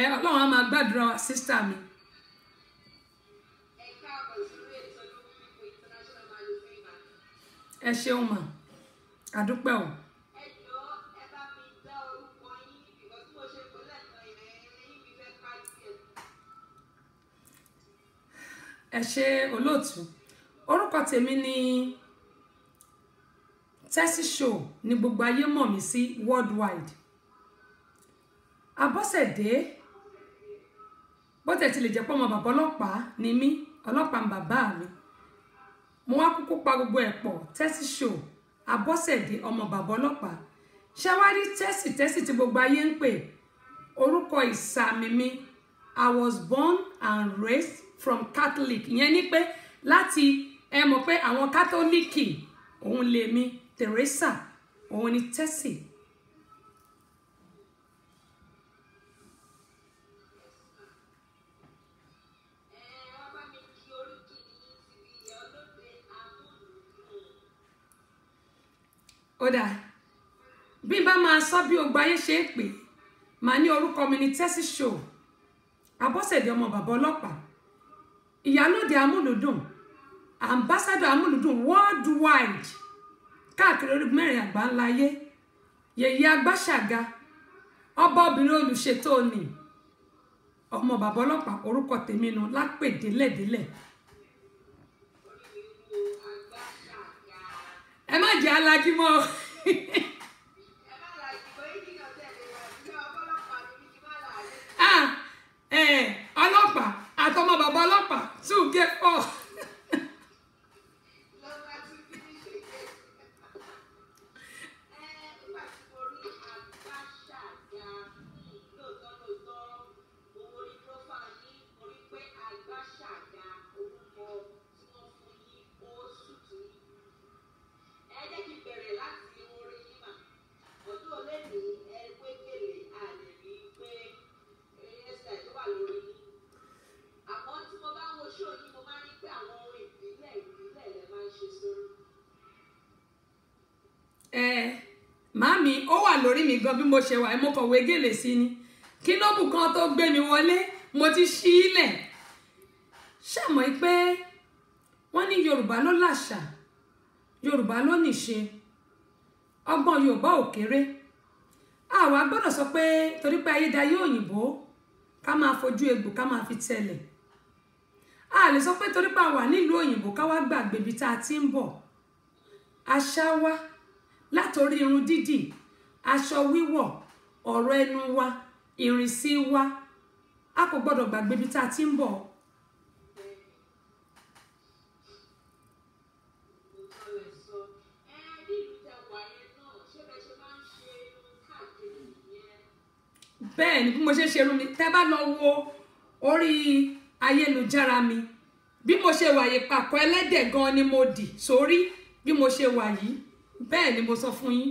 ẹ ọlọ́run á máa gbàdúrà wa sísítà mi. ẹ ṣeun mà àdúpẹ́ o. ẹ ṣe olóòtú orúkọ tèmi ni Tessy Show ni gbogbo ayé mọ̀ mí sí worldwide Abọ́sẹ̀dé bó tẹ̀ ti lè jẹ́ pé ọmọ bàbá ọlọ́pàá ni mí ọlọ́pàá ń bàbá mi mo wá kúkú pa gbogbo ẹ̀ pọ̀ tẹ́sí ṣò abọ́sẹ̀dé ọmọ bàbá ọlọ́pàá ṣáwárí tẹ́sí tẹ́sí tí gbogbo ayé ń pè orúkọ ìsàmì mi I was born and raised from Catholic ìyẹn ni pé láti ẹ mọ̀ pé àwọn kátólíìkì òun lèmi Teresa òun ni tẹ́sí ó dà bí bá máa sọ bí ogbó ayé ṣe é pè màá ní orúkọ mi ní tẹ́sí show abọ́sẹ̀dé ọmọ bàbá ọlọ́pàá ìyálòde amúlùdùn ambassador amúlùdùn worldwide káàkiri orí mẹ́rin àgbà ńlá ayé yèyí agbáṣàga ọba obìnrin olùṣètò òní ọmọ bàbá ọlọ́pàá orúkọ tèmi nu lápèdélẹ̀délẹ̀ ẹ má jẹ́ alágímọ́ mi gan bí mo ṣe wà mo kọ̀ wé gèlè sí ni kí ló bù kan tó gbé mi wọlé mo ti ṣí ilẹ̀ ṣàmọ́ pé wọ́n ní yorùbá ló làṣà yorùbá ló nìṣe ọgbọ́n yorùbá ò kéré àwa gbọ́dọ̀ sọ pé torí pé ayédáyé òyìnbó ká máa fojú egbò ká máa fi tẹ̀lẹ̀ a lè sọ pé torí pé a wà nílùú òyìnbó ká wá gbàgbé ibi tá a ti ń bọ̀ àṣà wa látòrí irun dídì aṣọ wíwọ̀ ọ̀rọ̀ ẹnu wa ìrìnsí wa a kò gbọ́dọ̀ gbàgbé ibi tá a ti ń bọ̀ bẹ́ẹ̀ ni bí mo ṣe ṣe irun mi tẹ́ bá lọ wo orí ayélujára mi bí mo ṣe wà yìí pàkọ́ ẹlẹ́dẹ̀ gan ni mo dì sórí bí mo ṣe wà yìí bẹ́ẹ̀ ni mo sọ fún yín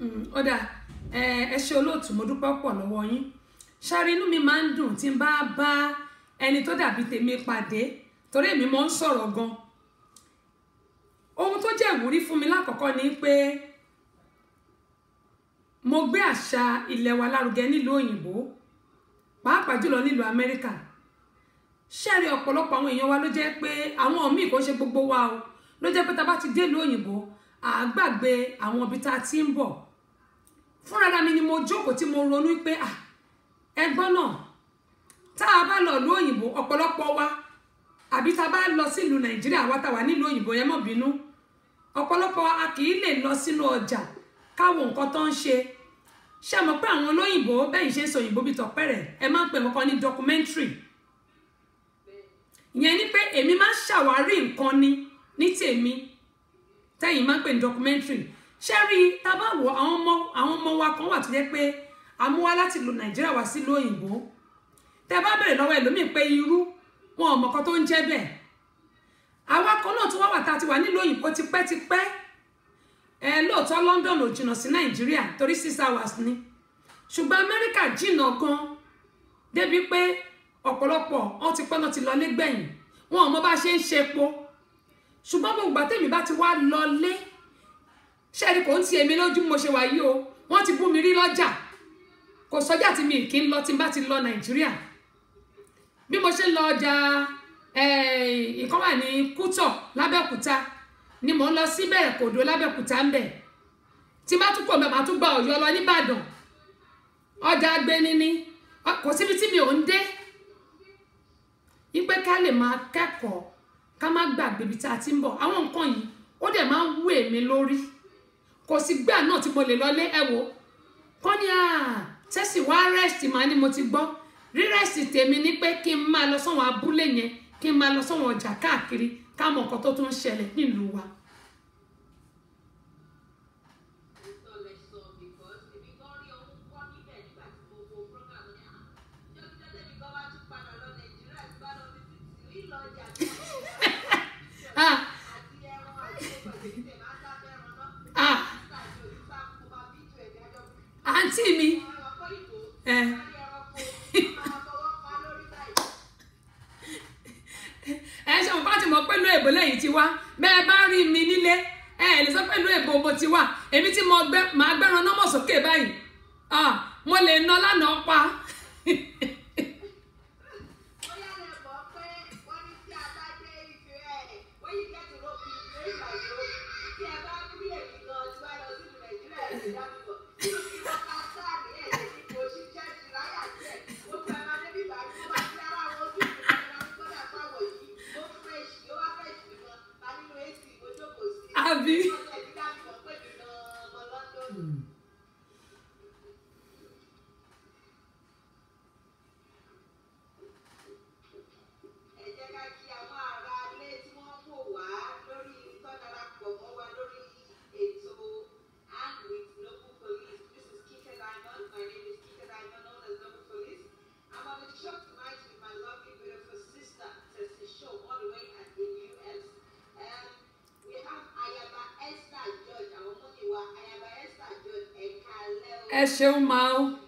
Mm, ó dà ẹ ṣe olóòtú mo dúpẹ́ pọ̀ lọ́wọ́ yín ṣáàrí inú mi máa ń dùn tí n bá bá ẹni tó dàbí tèmi pàdé torí èmi máa ń sọ̀rọ̀ gan ohun tó jẹ́ ìwúrí fún mi lákọ̀ọ́kọ́ ni pé mo gbé àṣà ilẹ̀ wa lárugẹ nílùú òyìnbó pàápàá jùlọ nílùú amẹ́ríkà ṣẹ́ẹ̀rí ọ̀pọ̀lọpọ̀ àwọn èèyàn wa ló jẹ́ pé àwọn míì kò ṣe gbogbo wa o ló jẹ́ pé ta bá ti délùú òyìnbó àgbàgbé àwọn ibi tá a ti ń bọ̀ fúnra mi ni mo jókòó tí mo ronú pé ẹgbọ́n náà tá a bá lọ lú òyìnbó ọ̀pọ̀lọpọ̀ wa àbí tá a bá lọ sílùú nàìjíríà wa tá a wà nílùú òyìnbó yẹn mọ̀ bínú ọ̀pọ̀lọpọ̀ a kì í lè lọ sínú ọjà káwọn nǹkan tó ń ṣe ṣe mọ̀ pé àwọn olóyìnbó bẹ́ẹ̀ ṣe ń sọ òyìnbó bíi tọ̀pẹ́rẹ̀ ẹ máa ń pè wọ́n ní documentary ìyẹn ni pé èmi máa ń ṣàwárí nǹkan ni ní tèmi tẹ́yìn máa ń pè ní documentary ṣé rí tá a bá wò àwọn ọmọ àwọn ọmọ wa kan wà tó jẹ́ pé amúwá láti lo nàìjíríà wá sí lóyìnbó tẹ́ bá bèrè lọ́wọ́ ẹlòmíín pé irú wọn ò mọ̀kan tó ń jẹ́ bẹ́ẹ̀ àwa kan náà tó wá wà tá a ti wà nílùú òyìnbó tipẹ́tipẹ́ ẹ lóòótọ́ London ò jìnnà sí nàìjíríà torí six hours ni ṣùgbọ́n amẹ́ríkà jìnnà gan débi pé ọ̀pọ̀lọpọ̀ wọn ti pẹ́ náà ti lọ lẹ́gbẹ̀yìn wọn ò mọ bá ṣe ń ṣe ṣùgbọ́n gbogbo ìgbà tèmi bá ti wá lọ lé ṣẹ́ni kò ń ti èmi lójú mo ṣe wà yìí o wọ́n ti bú mi rí lọ́jà kò sọ́jà tí mi kì í lọ tí n bá ti lọ Nàìjíríà bí mo ṣe ń lọ ọjà ìkan wà ní Kútọ̀ l'Ábẹ́òkúta ni mò ń lọ síbẹ̀ Kòdó l'Ábẹ́òkúta ń bẹ̀ tí bá tún pọ̀ mẹ́ màá tún gba Ọ̀yọ́ lọ nìbàdàn ọjà agbẹni ni kò síbi tí mi ò ń dé wípé ká lè máa kẹ́kọ̀ọ́ ká má gbàgbé ibi tá a ti ń bọ̀ àwọn nǹkan yìí ó dẹ̀ máa ń wú èmi lórí kò sí gbà náà tí mo lè lọlé ẹ wò kọ́ ni tẹ́sí wá rẹ́sì máa ní mo ti gbọ́ rírẹ́sì tèmi ni pé kí n máa lọ sọ́wọ́n abúlé yẹn kí n máa lọ sọ́wọ́n ọjà káàkiri ká mọ̀ nǹkan tó tún ń ṣẹlẹ̀ nílùú wa àǹtí mi ẹ ẹ bá ti mọ̀ pẹ̀lú èbó lẹ́yìn tiwa bẹ́ẹ̀ bá rí mi nílé ẹ lè sọ pẹ̀lú èbó mo ti wà èmi tí mo gbẹ màá gbẹran nọmọ sókè báyìí mo lè ná lánàá pa. sabe? é seu mal.